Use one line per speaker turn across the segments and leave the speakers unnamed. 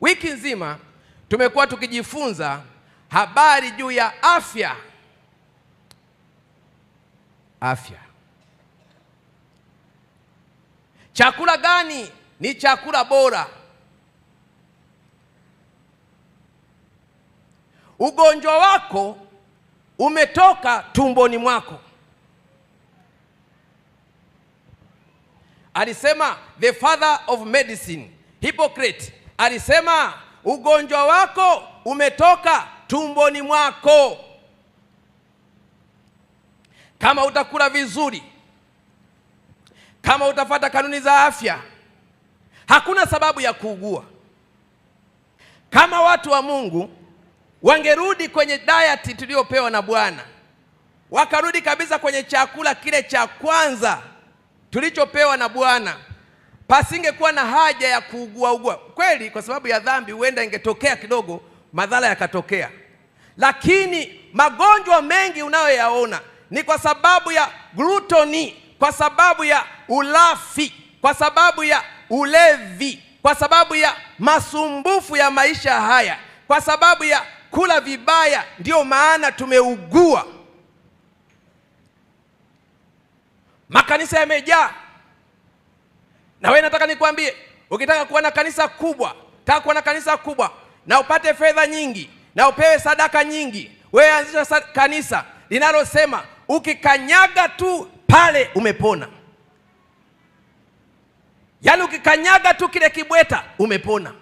Wiki nzima tumekuwa tukijifunza habari juu ya afya. Afya, chakula gani ni chakula bora? Ugonjwa wako umetoka tumboni mwako. Alisema the father of medicine Hippocrates alisema ugonjwa wako umetoka tumboni mwako. Kama utakula vizuri, kama utafata kanuni za afya, hakuna sababu ya kuugua. Kama watu wa Mungu wangerudi kwenye diet tuliyopewa na Bwana, wakarudi kabisa kwenye chakula kile cha kwanza tulichopewa na Bwana pasingekuwa na haja ya kuugua ugua kweli, kwa sababu ya dhambi huenda ingetokea kidogo madhara yakatokea, lakini magonjwa mengi unayoyaona ni kwa sababu ya glutoni, kwa sababu ya ulafi, kwa sababu ya ulevi, kwa sababu ya masumbufu ya maisha haya, kwa sababu ya kula vibaya. Ndiyo maana tumeugua, makanisa yamejaa na wewe nataka nikwambie, ukitaka kuwa na kanisa kubwa, taka kuwa na kanisa kubwa na upate fedha nyingi na upewe sadaka nyingi, wewe anzisha kanisa linalosema ukikanyaga tu pale umepona. Yaani ukikanyaga tu kile kibweta umepona,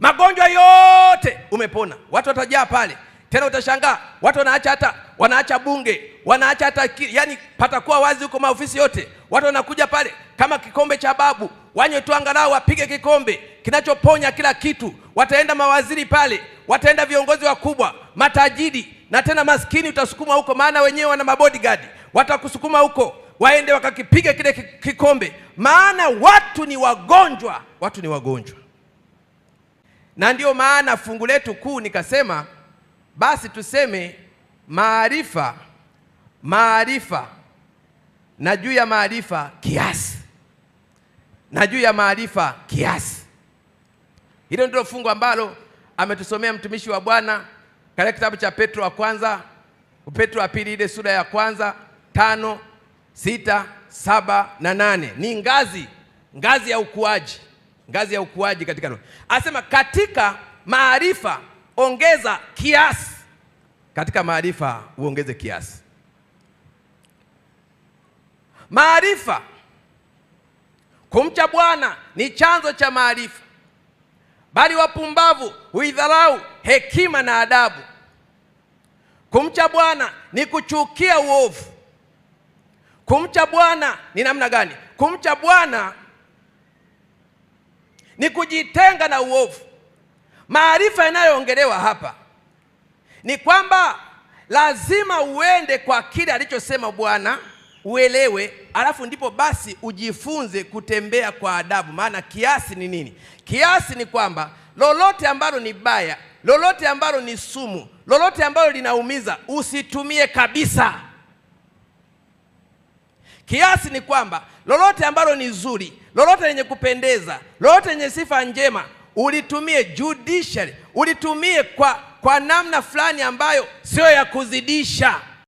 magonjwa yote umepona. Watu watajaa pale. Tena utashangaa watu wanaacha hata wanaacha bunge, wanaacha hata yani, patakuwa wazi huko maofisi yote, watu wanakuja pale kama kikombe cha babu, wanywe tu angalau wapige kikombe kinachoponya kila kitu. Wataenda mawaziri pale, wataenda viongozi wakubwa, matajiri na tena maskini utasukuma huko, maana wenyewe wana mabodyguard, watakusukuma huko waende wakakipiga kile kikombe, maana watu ni wagonjwa, watu ni wagonjwa. Na ndio maana fungu letu kuu nikasema basi tuseme maarifa, maarifa na juu ya maarifa kiasi, na juu ya maarifa kiasi. Hilo ndilo fungu ambalo ametusomea mtumishi wa Bwana katika kitabu cha Petro wa kwanza, Petro wa pili, ile sura ya kwanza tano, sita, saba na nane. Ni ngazi ngazi ya ukuaji, ngazi ya ukuaji katika roho. Asema katika maarifa ongeza kiasi katika maarifa uongeze kiasi. Maarifa, kumcha Bwana ni chanzo cha maarifa, bali wapumbavu huidharau hekima na adabu. Kumcha Bwana ni kuchukia uovu. Kumcha Bwana ni namna gani? Kumcha Bwana ni kujitenga na uovu. Maarifa yanayoongelewa hapa ni kwamba lazima uende kwa kile alichosema Bwana, uelewe, alafu ndipo basi ujifunze kutembea kwa adabu. Maana kiasi ni nini? Kiasi ni kwamba lolote ambalo ni baya, lolote ambalo ni sumu, lolote ambalo linaumiza usitumie kabisa. Kiasi ni kwamba lolote ambalo ni zuri, lolote lenye kupendeza, lolote lenye sifa njema ulitumie judicially, ulitumie kwa kwa namna fulani ambayo sio ya kuzidisha